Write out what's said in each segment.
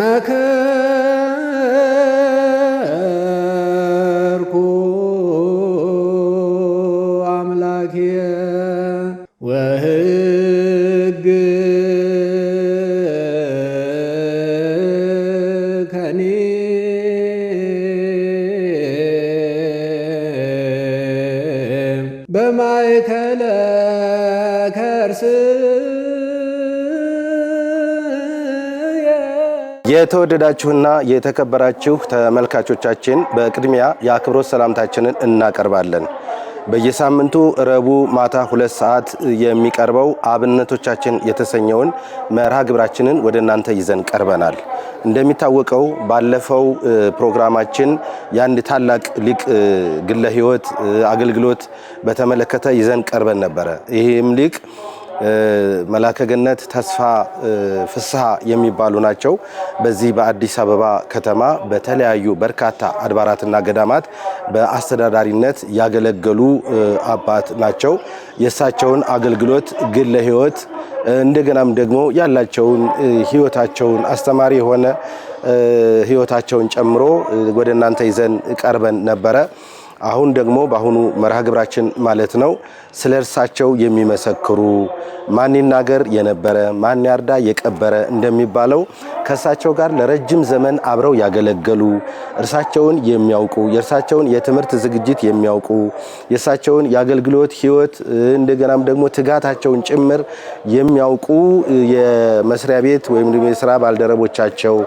ما كان የተወደዳችሁና የተከበራችሁ ተመልካቾቻችን በቅድሚያ የአክብሮት ሰላምታችንን እናቀርባለን። በየሳምንቱ ረቡ ማታ ሁለት ሰዓት የሚቀርበው አብነቶቻችን የተሰኘውን መርሃ ግብራችንን ወደ እናንተ ይዘን ቀርበናል። እንደሚታወቀው ባለፈው ፕሮግራማችን የአንድ ታላቅ ሊቅ ግለ ሕይወት አገልግሎት በተመለከተ ይዘን ቀርበን ነበረ። ይህም ሊቅ መላከገነት ተስፋ ፍስሐ የሚባሉ ናቸው። በዚህ በአዲስ አበባ ከተማ በተለያዩ በርካታ አድባራትና ገዳማት በአስተዳዳሪነት ያገለገሉ አባት ናቸው። የእሳቸውን አገልግሎት ግለ ሕይወት እንደገናም ደግሞ ያላቸውን ሕይወታቸውን አስተማሪ የሆነ ሕይወታቸውን ጨምሮ ወደ እናንተ ይዘን ቀርበን ነበረ። አሁን ደግሞ በአሁኑ መርሃ ግብራችን ማለት ነው ስለ እርሳቸው የሚመሰክሩ ማን ይናገር የነበረ ማን ያርዳ የቀበረ እንደሚባለው ከእርሳቸው ጋር ለረጅም ዘመን አብረው ያገለገሉ እርሳቸውን የሚያውቁ የእርሳቸውን የትምህርት ዝግጅት የሚያውቁ የእርሳቸውን የአገልግሎት ሕይወት እንደገናም ደግሞ ትጋታቸውን ጭምር የሚያውቁ የመስሪያ ቤት ወይም የስራ ባልደረቦቻቸው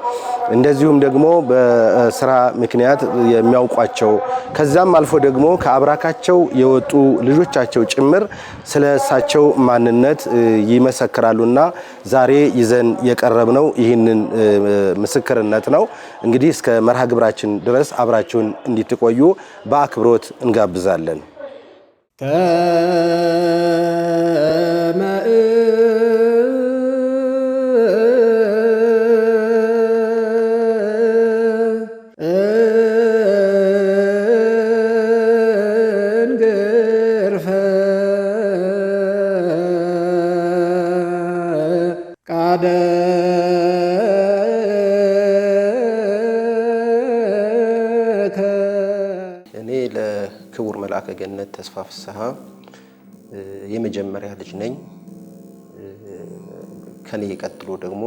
እንደዚሁም ደግሞ በስራ ምክንያት የሚያውቋቸው ከዛም አልፎ ደግሞ ከአብራካቸው የወጡ ልጆቻቸው ጭምር ስለ እሳቸው ማንነት ይመሰክራሉና ዛሬ ይዘን የቀረብነው ይህንን ምስክርነት ነው። እንግዲህ እስከ መርሃ ግብራችን ድረስ አብራችሁን እንዲትቆዩ በአክብሮት እንጋብዛለን። ፍስሐ የመጀመሪያ ልጅ ነኝ። ከኔ ቀጥሎ ደግሞ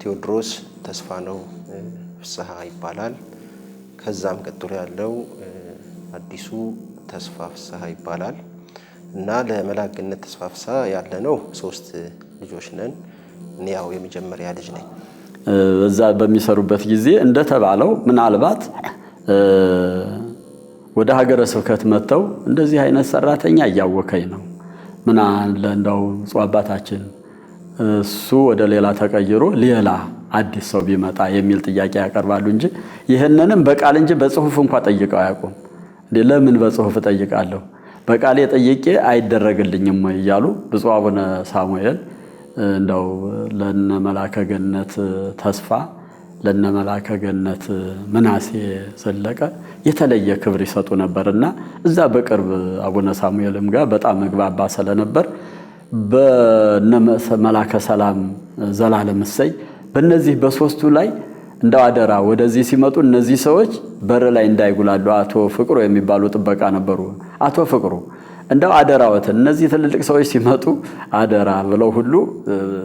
ቴዎድሮስ ተስፋ ነው ፍስሐ ይባላል። ከዛም ቀጥሎ ያለው አዲሱ ተስፋ ፍስሐ ይባላል እና ለመላክነት ተስፋ ፍስሐ ያለ ነው ሶስት ልጆች ነን። እኔ ያው የመጀመሪያ ልጅ ነኝ። በዛ በሚሰሩበት ጊዜ እንደተባለው ምናልባት ወደ ሀገረ ስብከት መጥተው እንደዚህ አይነት ሰራተኛ እያወከኝ ነው ምን እንደው ብፁዕ አባታችን እሱ ወደ ሌላ ተቀይሮ ሌላ አዲስ ሰው ቢመጣ የሚል ጥያቄ ያቀርባሉ እንጂ ይህንንም በቃል እንጂ በጽሁፍ እንኳ ጠይቀው አያውቁም። ለምን በጽሁፍ እጠይቃለሁ በቃል ጠይቄ አይደረግልኝም ወይ እያሉ ብፁዕ አቡነ ሳሙኤል እንደው ለነ መላከ ገነት ተስፋ ለነ መላከ ገነት ምናሴ ዘለቀ የተለየ ክብር ይሰጡ ነበር እና እዛ በቅርብ አቡነ ሳሙኤልም ጋር በጣም መግባባ ስለነበር በነ መላከ ሰላም ዘላለም እሰይ በእነዚህ በሶስቱ ላይ እንደው አደራ ወደዚህ ሲመጡ እነዚህ ሰዎች በር ላይ እንዳይጉላሉ አቶ ፍቅሩ የሚባሉ ጥበቃ ነበሩ። አቶ ፍቅሩ እንደው አደራዎትን እነዚህ ትልልቅ ሰዎች ሲመጡ አደራ ብለው ሁሉ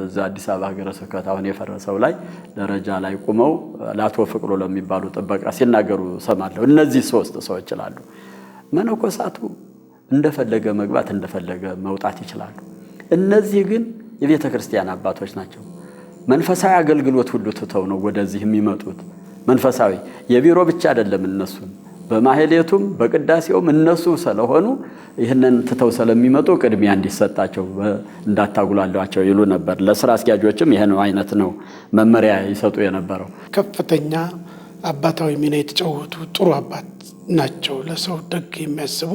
እዛ አዲስ አበባ ሀገረ ስብከት አሁን የፈረሰው ላይ ደረጃ ላይ ቁመው ለአቶ ፍቅሮ ለሚባሉ ጥበቃ ሲናገሩ ሰማለሁ። እነዚህ ሶስት ሰዎች ይችላሉ። መነኮሳቱ እንደፈለገ መግባት እንደፈለገ መውጣት ይችላሉ። እነዚህ ግን የቤተ ክርስቲያን አባቶች ናቸው። መንፈሳዊ አገልግሎት ሁሉ ትተው ነው ወደዚህ የሚመጡት። መንፈሳዊ የቢሮ ብቻ አይደለም እነሱን በማህሌቱም በቅዳሴውም እነሱ ስለሆኑ ይህንን ትተው ስለሚመጡ ቅድሚያ እንዲሰጣቸው እንዳታጉላሏቸው ይሉ ነበር። ለስራ አስኪያጆችም ይህን አይነት ነው መመሪያ ይሰጡ የነበረው። ከፍተኛ አባታዊ ሚና የተጫወቱ ጥሩ አባት ናቸው። ለሰው ደግ የሚያስቡ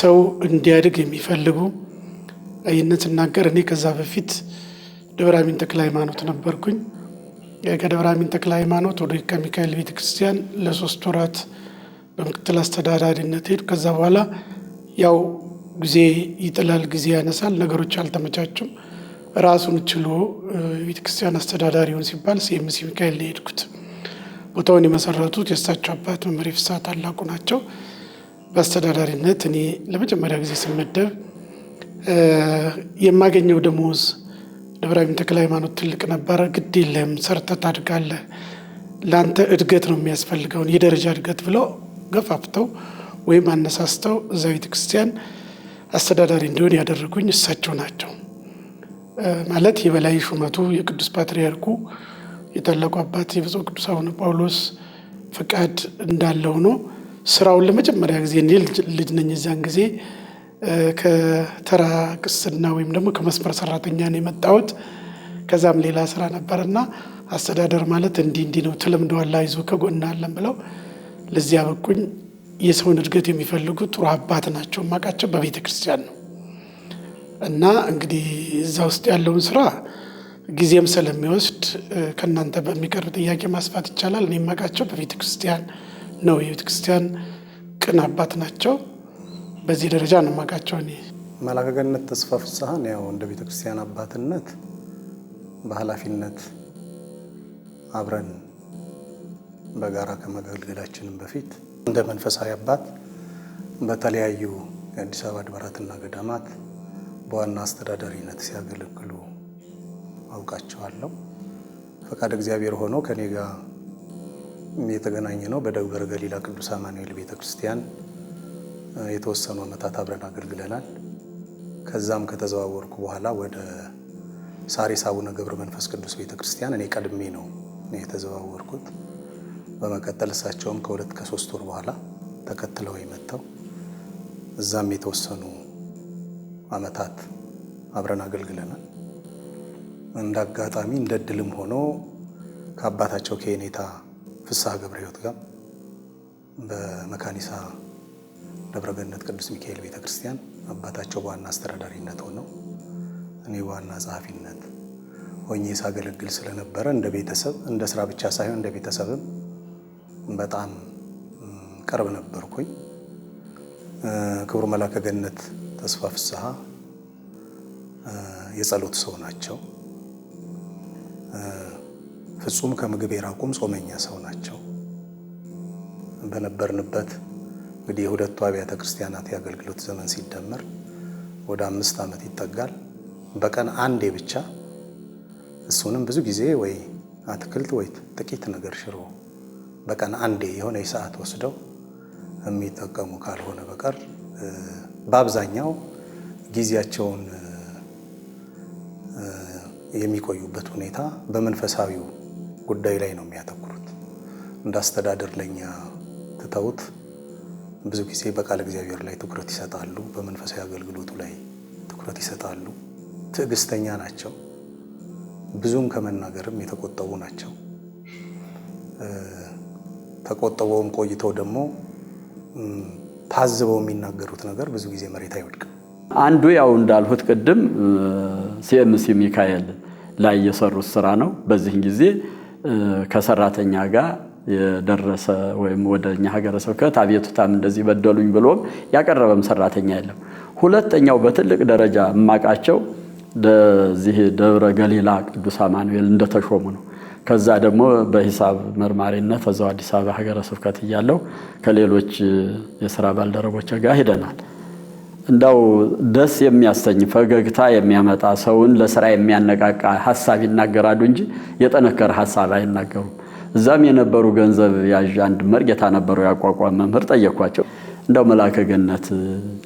ሰው እንዲያድግ የሚፈልጉ ይህንን ስናገር እኔ ከዛ በፊት ደብረ አሚን ተክለ ሃይማኖት ነበርኩኝ። የደብረ አሚን ተክለ ሃይማኖት ወደ ሚካኤል ቤተ ክርስቲያን ለሶስት ወራት በምክትል አስተዳዳሪነት ሄድ። ከዛ በኋላ ያው ጊዜ ይጥላል፣ ጊዜ ያነሳል፣ ነገሮች አልተመቻቹም። ራሱን ችሎ ቤተ ክርስቲያን አስተዳዳሪ ሆን ሲባል ሲኤምሲ ሚካኤል ነው የሄድኩት። ቦታውን የመሰረቱት የእሳቸው አባት መምህር ፍስሐ ታላቁ ናቸው። በአስተዳዳሪነት እኔ ለመጀመሪያ ጊዜ ስመደብ የማገኘው ደሞዝ ደብረ ብርሃን ተክለ ሃይማኖት ትልቅ ነበረ። ግድ የለም ሰርተህ ታድጋለህ፣ ለአንተ እድገት ነው የሚያስፈልገውን የደረጃ እድገት ብለው ገፋፍተው ወይም አነሳስተው እዛ ቤተክርስቲያን አስተዳዳሪ እንዲሆን ያደረጉኝ እሳቸው ናቸው። ማለት የበላይ ሹመቱ የቅዱስ ፓትርያርኩ የታላቁ አባት የብፁዕ ቅዱስ አቡነ ጳውሎስ ፈቃድ እንዳለ ሆኖ ስራውን ለመጀመሪያ ጊዜ እኔ ልጅ ነኝ፣ እዚያን ጊዜ ከተራ ቅስና ወይም ደግሞ ከመስመር ሰራተኛ ነው የመጣሁት። ከዛም ሌላ ስራ ነበርና አስተዳደር ማለት እንዲህ እንዲህ ነው ትለምዶ አይዞህ ከጎና አለን ብለው ለዚያ በቁኝ። የሰውን እድገት የሚፈልጉ ጥሩ አባት ናቸው። ማቃቸው በቤተ ክርስቲያን ነው እና እንግዲህ እዛ ውስጥ ያለውን ስራ ጊዜም ስለሚወስድ ከእናንተ በሚቀርብ ጥያቄ ማስፋት ይቻላል። እኔ ማቃቸው በቤተ ክርስቲያን ነው። የቤተ ክርስቲያን ቅን አባት ናቸው። በዚህ ደረጃ እንማቃቸው። እኔ መልአከ ገነት ተስፋ ፍስሐን ያው እንደ ቤተክርስቲያን አባትነት በኃላፊነት አብረን በጋራ ከመገልገላችንም በፊት እንደ መንፈሳዊ አባት በተለያዩ የአዲስ አበባ አድባራትና ገዳማት በዋና አስተዳዳሪነት ሲያገለግሉ አውቃቸዋለሁ። ፈቃድ እግዚአብሔር ሆኖ ከኔ ጋር የተገናኘ ነው በደብረ ገሊላ ቅዱስ አማኑኤል ቤተክርስቲያን የተወሰኑ ዓመታት አብረን አገልግለናል። ከዛም ከተዘዋወርኩ በኋላ ወደ ሳሪስ አቡነ ገብረ መንፈስ ቅዱስ ቤተ ክርስቲያን እኔ ቀድሜ ነው የተዘዋወርኩት። በመቀጠል እሳቸውም ከሁለት ከሶስት ወር በኋላ ተከትለው የመጥተው እዛም የተወሰኑ ዓመታት አብረን አገልግለናል። እንደ አጋጣሚ እንደ ድልም ሆኖ ከአባታቸው ከኔታ ፍስሐ ገብረ ሕይወት ጋር በመካኒሳ ደብረገነት ቅዱስ ሚካኤል ቤተ ክርስቲያን አባታቸው በዋና አስተዳዳሪነት ሆነው እኔ በዋና ጸሐፊነት ሆኜ ሳገለግል ስለነበረ እንደ ቤተሰብ እንደ ስራ ብቻ ሳይሆን እንደ ቤተሰብም በጣም ቅርብ ነበርኩኝ። ክቡር መላከ ገነት ተስፋ ፍስሐ የጸሎት ሰው ናቸው። ፍጹም ከምግብ የራቁም ጾመኛ ሰው ናቸው። በነበርንበት እንግዲህ የሁለቱ አብያተ ክርስቲያናት የአገልግሎት ዘመን ሲደመር ወደ አምስት ዓመት ይጠጋል። በቀን አንዴ ብቻ እሱንም ብዙ ጊዜ ወይ አትክልት ወይ ጥቂት ነገር ሽሮ በቀን አንዴ የሆነ የሰዓት ወስደው የሚጠቀሙ ካልሆነ በቀር በአብዛኛው ጊዜያቸውን የሚቆዩበት ሁኔታ በመንፈሳዊው ጉዳይ ላይ ነው የሚያተኩሩት። እንደ አስተዳደር ለኛ ትተውት ብዙ ጊዜ በቃል እግዚአብሔር ላይ ትኩረት ይሰጣሉ፣ በመንፈሳዊ አገልግሎቱ ላይ ትኩረት ይሰጣሉ። ትዕግስተኛ ናቸው። ብዙም ከመናገርም የተቆጠቡ ናቸው። ተቆጥበውም ቆይተው ደግሞ ታዝበው የሚናገሩት ነገር ብዙ ጊዜ መሬት አይወድቅም። አንዱ ያው እንዳልሁት ቅድም ሲኤምሲ ሚካኤል ላይ የሰሩት ስራ ነው። በዚህን ጊዜ ከሰራተኛ ጋር የደረሰ ወይም ወደ እኛ ሀገረ ስብከት አቤቱታም እንደዚህ በደሉኝ ብሎም ያቀረበም ሰራተኛ የለም። ሁለተኛው በትልቅ ደረጃ እማቃቸው ዚህ ደብረ ገሊላ ቅዱስ አማኑኤል እንደተሾሙ ነው። ከዛ ደግሞ በሂሳብ መርማሪነት እዛው አዲስ አበባ ሀገረ ስብከት እያለው ከሌሎች የስራ ባልደረቦች ጋር ሄደናል። እንዳው ደስ የሚያሰኝ ፈገግታ የሚያመጣ ሰውን ለስራ የሚያነቃቃ ሀሳብ ይናገራሉ እንጂ የጠነከረ ሀሳብ አይናገሩም። እዛም የነበሩ ገንዘብ ያዥ አንድ መርጌታ ነበሩ ያቋቋም መምህር ጠየኳቸው። እንደው መላከ ገነት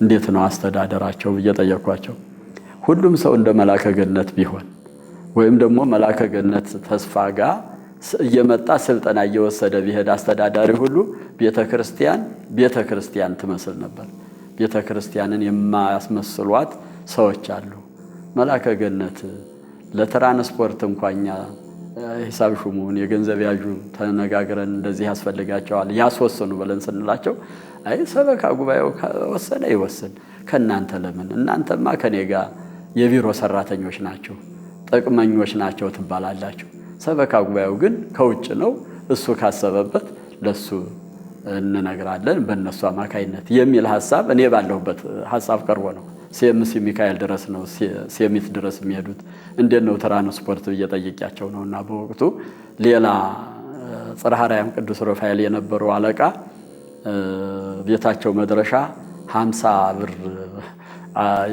እንዴት ነው አስተዳደራቸው ብዬ ጠየኳቸው። ሁሉም ሰው እንደ መላከ ገነት ቢሆን ወይም ደግሞ መላከ ገነት ተስፋ ጋር እየመጣ ስልጠና እየወሰደ ቢሄድ አስተዳዳሪ ሁሉ ቤተ ክርስቲያን ቤተ ክርስቲያን ትመስል ነበር። ቤተ ክርስቲያንን የማያስመስሏት ሰዎች አሉ። መላከ ገነት ለትራንስፖርት እንኳኛ ሂሳብ ሹሙን የገንዘብ ያዡን ተነጋግረን እንደዚህ ያስፈልጋቸዋል ያስወሰኑ ብለን ስንላቸው አይ ሰበካ ጉባኤው ወሰነ ይወስን፣ ከእናንተ ለምን እናንተማ ከኔ ጋር የቢሮ ሰራተኞች ናቸው፣ ጥቅመኞች ናቸው ትባላላቸው። ሰበካ ጉባኤው ግን ከውጭ ነው። እሱ ካሰበበት ለሱ እንነግራለን በእነሱ አማካይነት የሚል ሀሳብ እኔ ባለሁበት ሀሳብ ቀርቦ ነው ሴምስ ሚካኤል ድረስ ነው ሴሚት ድረስ የሚሄዱት እንዴት ነው ትራንስፖርት ብዬ ጠይቄያቸው ነው። እና በወቅቱ ሌላ ጽርሐ አርያም ቅዱስ ሩፋኤል የነበሩ አለቃ ቤታቸው መድረሻ ሀምሳ ብር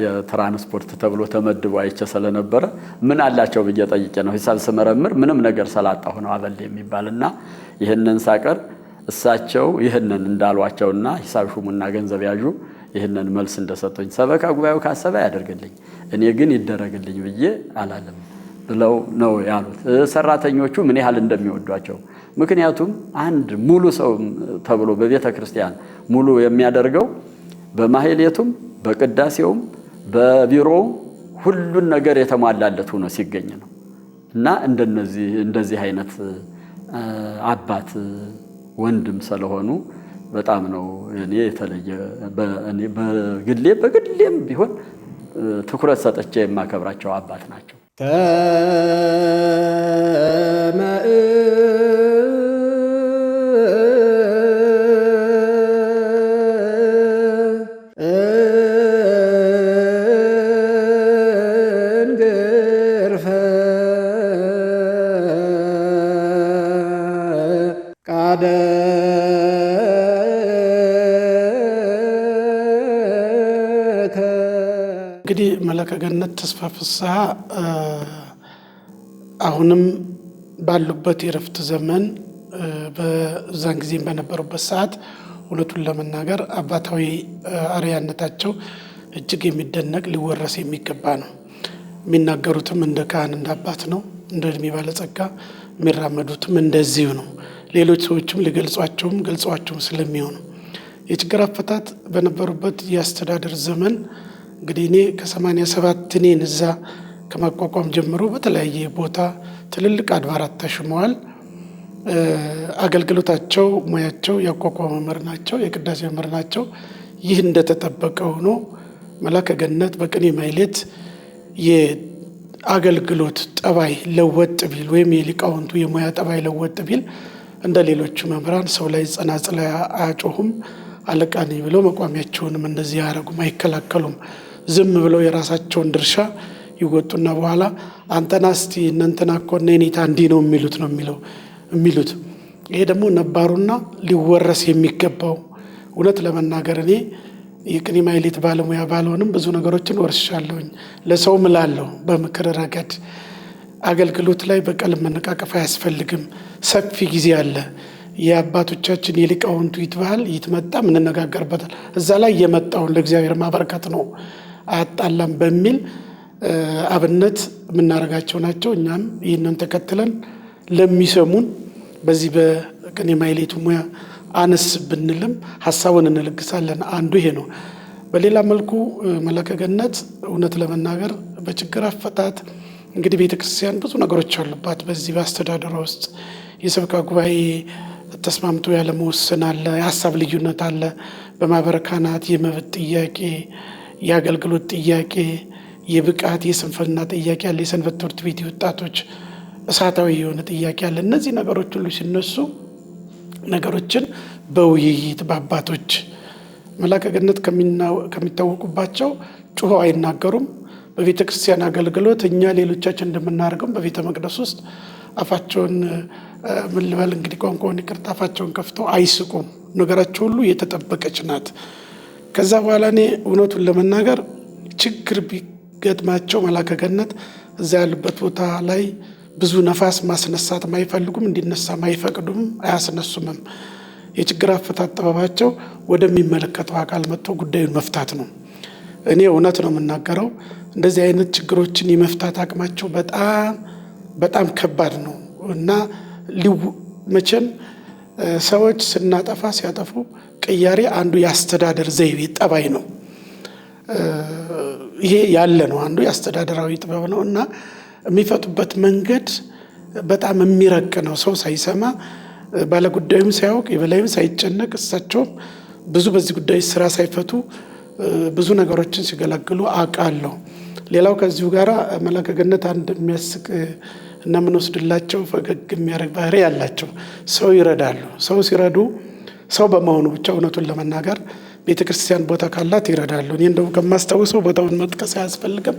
የትራንስፖርት ተብሎ ተመድቦ አይቼ ስለነበረ ምን አላቸው ብዬ ጠይቄ ነው። ሂሳብ ስመረምር ምንም ነገር ሰላጣ ሆነው አበል የሚባልና ይህንን ሳቀር እሳቸው ይህንን እንዳሏቸውና ሂሳብ ሹሙና ገንዘብ ያዡ ይህንን መልስ እንደሰጠኝ ሰበካ ጉባኤው ካሰበ ያደርግልኝ፣ እኔ ግን ይደረግልኝ ብዬ አላለም ብለው ነው ያሉት። ሰራተኞቹ ምን ያህል እንደሚወዷቸው ምክንያቱም አንድ ሙሉ ሰው ተብሎ በቤተ ክርስቲያን ሙሉ የሚያደርገው በማህሌቱም በቅዳሴውም በቢሮውም ሁሉን ነገር የተሟላለት ሆኖ ሲገኝ ነው እና እንደዚህ አይነት አባት ወንድም ስለሆኑ በጣም ነው እኔ የተለየ በግሌ በግሌም ቢሆን ትኩረት ሰጥቼ የማከብራቸው አባት ናቸው። ተስፋ ፍስሐ አሁንም ባሉበት የረፍት ዘመን በዛን ጊዜም በነበሩበት ሰዓት እውነቱን ለመናገር አባታዊ አርያነታቸው እጅግ የሚደነቅ ሊወረስ የሚገባ ነው። የሚናገሩትም እንደ ካህን እንደ አባት ነው፣ እንደ እድሜ ባለጸጋ የሚራመዱትም እንደዚሁ ነው። ሌሎች ሰዎችም ሊገልጿቸውም ገልጿቸውም ስለሚሆኑ የችግር አፈታት በነበሩበት የአስተዳደር ዘመን እንግዲህ እኔ ከሰማንያ ሰባት እኔን እዛ ከማቋቋም ጀምሮ በተለያየ ቦታ ትልልቅ አድባራት ተሽመዋል። አገልግሎታቸው፣ ሙያቸው የአቋቋም መምህር ናቸው፣ የቅዳሴ መምህር ናቸው። ይህ እንደተጠበቀ ሆኖ መላከ ገነት በቅኔ ማይሌት የአገልግሎት ጠባይ ለወጥ ቢል ወይም የሊቃውንቱ የሙያ ጠባይ ለወጥ ቢል እንደ ሌሎቹ መምህራን ሰው ላይ ጸናጽል አያጮሁም፣ አለቃ ነኝ ብለው መቋሚያቸውንም እንደዚህ አያረጉም፣ አይከላከሉም። ዝም ብለው የራሳቸውን ድርሻ ይወጡና በኋላ አንተና እስቲ እነንትና እኮ እነ እንዲህ ነው የሚሉት ነው የሚለው የሚሉት ይሄ ደግሞ ነባሩና ሊወረስ የሚገባው እውነት ለመናገር እኔ የቅኔ ማኅሌት ባለሙያ ባልሆንም ብዙ ነገሮችን ወርሻለሁኝ። ለሰው ምላለሁ። በምክር ረገድ አገልግሎት ላይ በቀል መነቃቀፍ አያስፈልግም። ሰፊ ጊዜ አለ። የአባቶቻችን የሊቃውንቱ ይትባህል ይትመጣ እንነጋገርበታል። እዛ ላይ የመጣውን ለእግዚአብሔር ማበረከት ነው። አያጣላም በሚል አብነት የምናደርጋቸው ናቸው። እኛም ይህንን ተከትለን ለሚሰሙን በዚህ በቅኔ ማኅሌቱ ሙያ አነስ ብንልም ሀሳቡን እንለግሳለን። አንዱ ይሄ ነው። በሌላ መልኩ መላከ ገነት እውነት ለመናገር በችግር አፈታት እንግዲህ ቤተክርስቲያን ብዙ ነገሮች አሉባት። በዚህ በአስተዳደሯ ውስጥ የሰብካ ጉባኤ ተስማምቶ ያለመወሰን አለ፣ የሀሳብ ልዩነት አለ፣ በማህበረ ካህናት የመብት ጥያቄ የአገልግሎት ጥያቄ፣ የብቃት የስንፍና ጥያቄ አለ። የሰንበት ትምህርት ቤት ወጣቶች እሳታዊ የሆነ ጥያቄ አለ። እነዚህ ነገሮች ሁሉ ሲነሱ ነገሮችን በውይይት በአባቶች መላከ ገነት ከሚታወቁባቸው ጩሆ አይናገሩም። በቤተ ክርስቲያን አገልግሎት እኛ ሌሎቻችን እንደምናደርገው በቤተ መቅደስ ውስጥ አፋቸውን ምን ልበል እንግዲህ ቋንቋውን ይቅርታ አፋቸውን ከፍተው አይስቁም። ነገራቸው ሁሉ የተጠበቀች ናት። ከዛ በኋላ እኔ እውነቱን ለመናገር ችግር ቢገጥማቸው መላከ ገነት እዛ ያሉበት ቦታ ላይ ብዙ ነፋስ ማስነሳት ማይፈልጉም እንዲነሳም አይፈቅዱም፣ አያስነሱምም። የችግር አፈታት ጥበባቸው ወደሚመለከተው አካል መጥቶ ጉዳዩን መፍታት ነው። እኔ እውነት ነው የምናገረው። እንደዚህ አይነት ችግሮችን የመፍታት አቅማቸው በጣም በጣም ከባድ ነው እና መቼም ሰዎች ስናጠፋ ሲያጠፉ ቅያሬ አንዱ የአስተዳደር ዘይቤ ጠባይ ነው። ይሄ ያለ ነው። አንዱ የአስተዳደራዊ ጥበብ ነው እና የሚፈቱበት መንገድ በጣም የሚረቅ ነው። ሰው ሳይሰማ ባለጉዳዩም ሳያውቅ የበላይም ሳይጨነቅ እሳቸውም ብዙ በዚህ ጉዳይ ስራ ሳይፈቱ ብዙ ነገሮችን ሲገላግሉ አውቃለሁ። ሌላው ከዚሁ ጋር መላከ ገነት አንድ የሚያስቅ እና ፈገግ የሚያደርግ ባህሪ ያላቸው ሰው ይረዳሉ። ሰው ሲረዱ ሰው በመሆኑ ብቻ እውነቱን ለመናገር ቤተ ክርስቲያን ቦታ ካላት ይረዳሉ። እኔ እንደው ከማስታውሰው ቦታውን መጥቀስ አያስፈልግም።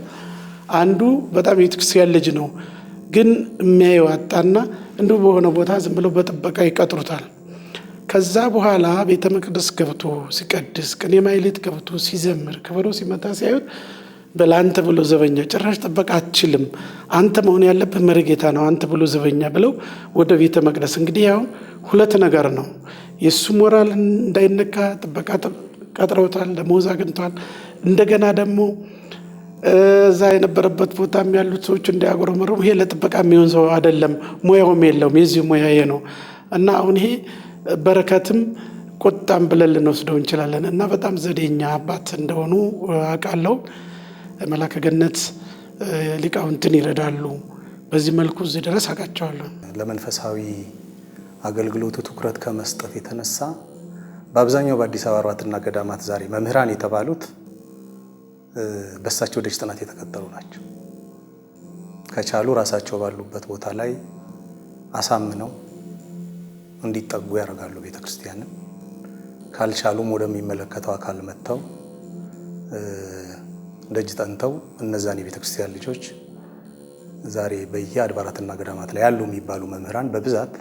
አንዱ በጣም የቤተ ክርስቲያን ልጅ ነው፣ ግን የሚያየው አጣና እንዲሁ በሆነ ቦታ ዝም ብለው በጥበቃ ይቀጥሩታል። ከዛ በኋላ ቤተ መቅደስ ገብቶ ሲቀድስ ቅኔ ማኅሌት ገብቶ ሲዘምር ከበሮ ሲመታ ሲያዩት በለአንተ ብሎ ዘበኛ ጭራሽ ጥበቃ አትችልም፣ አንተ መሆን ያለብህ መርጌታ ነው፣ አንተ ብሎ ዘበኛ ብለው ወደ ቤተ መቅደስ እንግዲህ ያው ሁለት ነገር ነው። የእሱ ሞራል እንዳይነካ ጥበቃ ቀጥረውታል፣ ደሞዝ አግኝቷል። እንደገና ደግሞ እዛ የነበረበት ቦታም ያሉት ሰዎች እንዳያጎረመረሙ ይሄ ለጥበቃ የሚሆን ሰው አይደለም፣ ሙያውም የለውም። የዚህ ሙያ ይሄ ነው እና አሁን ይሄ በረከትም ቁጣም ብለን ልንወስደው እንችላለን እና በጣም ዘዴኛ አባት እንደሆኑ አውቃለሁ። መላከ ገነት ሊቃውንትን ይረዳሉ። በዚህ መልኩ እዚህ ድረስ አውቃቸዋለሁ። ለመንፈሳዊ አገልግሎቱ ትኩረት ከመስጠት የተነሳ በአብዛኛው በአዲስ አበባ አርባትና ገዳማት ዛሬ መምህራን የተባሉት በእሳቸው ደጅ ጥናት የተከተሉ ናቸው። ከቻሉ ራሳቸው ባሉበት ቦታ ላይ አሳምነው እንዲጠጉ ያደርጋሉ ቤተ ክርስቲያንን። ካልቻሉም ወደሚመለከተው አካል መጥተው ደጅ ጠንተው እነዛን የቤተ ክርስቲያን ልጆች ዛሬ በየአድባራትና ገዳማት ላይ ያሉ የሚባሉ መምህራን በብዛት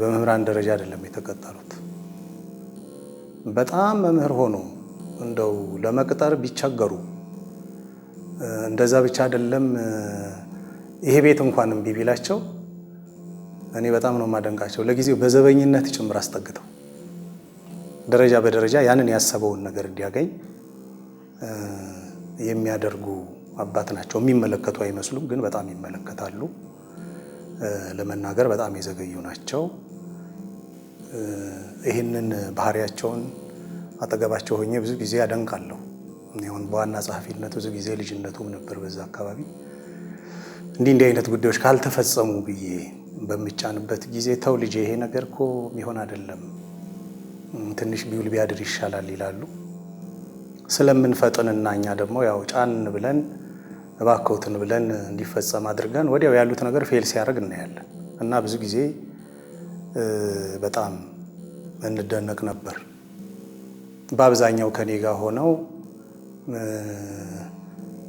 በመምህራን ደረጃ አይደለም የተቀጠሉት በጣም መምህር ሆኖ እንደው ለመቅጠር ቢቸገሩ እንደዛ ብቻ አይደለም ይሄ ቤት እንኳን እምቢ ቢላቸው እኔ በጣም ነው የማደንቃቸው። ለጊዜው በዘበኝነት ጭምር አስጠግተው ደረጃ በደረጃ ያንን ያሰበውን ነገር እንዲያገኝ የሚያደርጉ አባት ናቸው። የሚመለከቱ አይመስሉም፣ ግን በጣም ይመለከታሉ። ለመናገር በጣም የዘገዩ ናቸው። ይህንን ባህሪያቸውን አጠገባቸው ሆኜ ብዙ ጊዜ አደንቃለሁ። ሁን በዋና ጸሐፊነት ብዙ ጊዜ ልጅነቱም ነበር በዛ አካባቢ እንዲህ እንዲህ አይነት ጉዳዮች ካልተፈጸሙ ብዬ በምጫንበት ጊዜ ተው ልጄ፣ ይሄ ነገር እኮ የሚሆን አይደለም፣ ትንሽ ቢውል ቢያድር ይሻላል ይላሉ። ስለምንፈጥንና እኛ ደግሞ ያው ጫን ብለን እባክዎትን ብለን እንዲፈጸም አድርገን ወዲያው ያሉት ነገር ፌል ሲያደርግ እናያለን እና ብዙ ጊዜ በጣም እንደነቅ ነበር። በአብዛኛው ከኔ ጋር ሆነው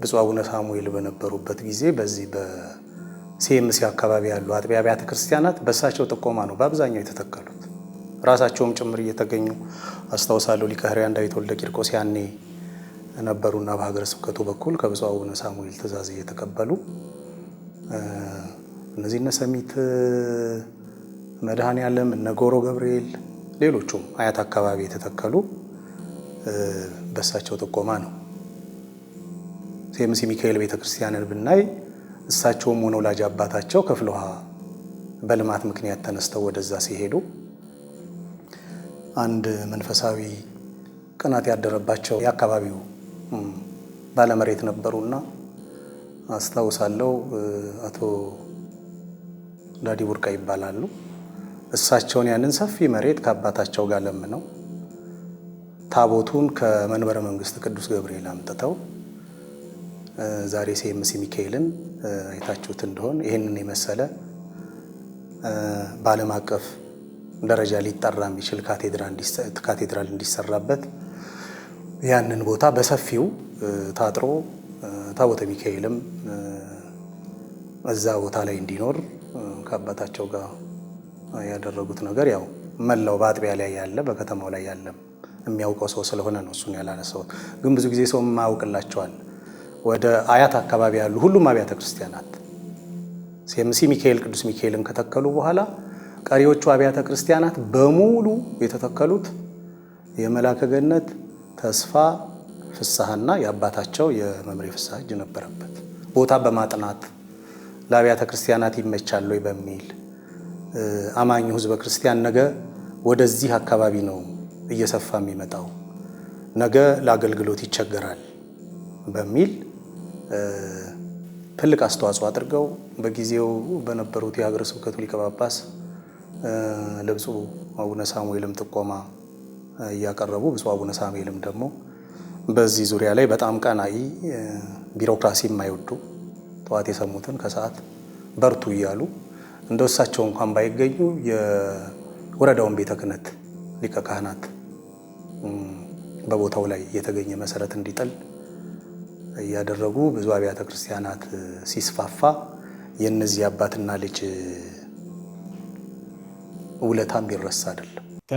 ብፁዕ አቡነ ሳሙኤል በነበሩበት ጊዜ በዚህ በሲኤምሲ አካባቢ ያሉ አጥቢያ አብያተ ክርስቲያናት በእሳቸው ጥቆማ ነው በአብዛኛው የተተከሉት። ራሳቸውም ጭምር እየተገኙ አስታውሳለሁ። ሊቀ ኅሩያን ዳዊት ወልደ ቂርቆስ ያኔ ነበሩና በሀገረ ስብከቱ በኩል ከብፁዕ አቡነ ሳሙኤል ትእዛዝ እየተቀበሉ እነዚህ እነ ሰሚት መድኃኔ እነ ጎሮ ገብርኤል ሌሎቹም አያት አካባቢ የተተከሉ በእሳቸው ጥቆማ ነው። ሴምሲ ሚካኤል ቤተክርስቲያንን ብናይ እሳቸውም ሆነ ወላጅ አባታቸው ክፍለ ውሃ በልማት ምክንያት ተነስተው ወደዛ ሲሄዱ አንድ መንፈሳዊ ቅናት ያደረባቸው የአካባቢው ባለመሬት ነበሩና አስታውሳለሁ። አቶ ዳዲ ቡርቃ ይባላሉ። እሳቸውን ያንን ሰፊ መሬት ከአባታቸው ጋር ለምነው ታቦቱን ከመንበረ መንግስት ቅዱስ ገብርኤል አምጥተው ዛሬ ሴምሲ ሚካኤልን አይታችሁት እንደሆን ይህንን የመሰለ በዓለም አቀፍ ደረጃ ሊጠራ የሚችል ካቴድራል እንዲሰራበት ያንን ቦታ በሰፊው ታጥሮ ታቦተ ሚካኤልም እዛ ቦታ ላይ እንዲኖር ከአባታቸው ጋር ያደረጉት ነገር ያው መላው በአጥቢያ ላይ ያለ በከተማው ላይ ያለ የሚያውቀው ሰው ስለሆነ ነው እሱን ያላነሳሁት። ግን ብዙ ጊዜ ሰው ማያውቅላቸዋል። ወደ አያት አካባቢ ያሉ ሁሉም አብያተ ክርስቲያናት ሴምሲ ሚካኤል ቅዱስ ሚካኤልን ከተከሉ በኋላ ቀሪዎቹ አብያተ ክርስቲያናት በሙሉ የተተከሉት የመላከ ገነት ተስፋ ፍስሐና የአባታቸው የመምሬ ፍስሐ እጅ ነበረበት። ቦታ በማጥናት ለአብያተ ክርስቲያናት ይመቻል ወይ በሚል አማኙ ህዝበ ክርስቲያን ነገ ወደዚህ አካባቢ ነው እየሰፋ የሚመጣው፣ ነገ ለአገልግሎት ይቸገራል በሚል ትልቅ አስተዋጽኦ አድርገው በጊዜው በነበሩት የሀገረ ስብከቱ ሊቀ ጳጳስ ለብፁዕ አቡነ ሳሙኤልም ጥቆማ እያቀረቡ ብፁዕ አቡነ ሳሙኤልም ደግሞ በዚህ ዙሪያ ላይ በጣም ቀናይ ቢሮክራሲ የማይወዱ ጠዋት የሰሙትን ከሰዓት በርቱ እያሉ እንደ እሳቸው እንኳን ባይገኙ የወረዳውን ቤተ ክህነት ሊቀ ካህናት በቦታው ላይ የተገኘ መሰረት እንዲጥል እያደረጉ ብዙ አብያተ ክርስቲያናት ሲስፋፋ የእነዚህ አባትና ልጅ ውለታም ቢረሳ አይደለም። Ta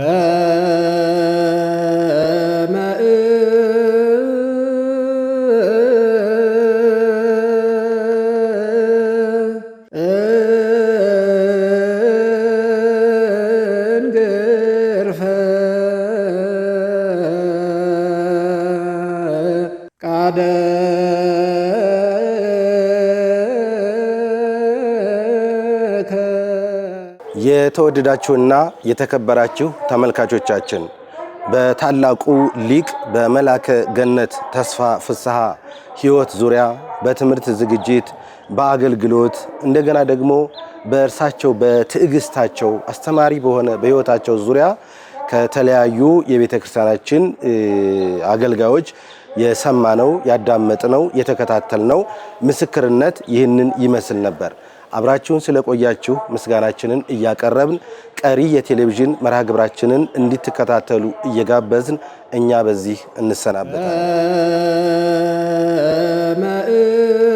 የተወደዳችሁና የተከበራችሁ ተመልካቾቻችን በታላቁ ሊቅ በመላከ ገነት ተስፋ ፍስሐ ሕይወት ዙሪያ በትምህርት ዝግጅት፣ በአገልግሎት እንደገና ደግሞ በእርሳቸው በትዕግስታቸው አስተማሪ በሆነ በሕይወታቸው ዙሪያ ከተለያዩ የቤተ ክርስቲያናችን አገልጋዮች የሰማነው ያዳመጥነው የተከታተልነው ምስክርነት ይህንን ይመስል ነበር። አብራችሁን ስለቆያችሁ ምስጋናችንን እያቀረብን ቀሪ የቴሌቪዥን መርሃ ግብራችንን እንድትከታተሉ እየጋበዝን እኛ በዚህ እንሰናበታለን።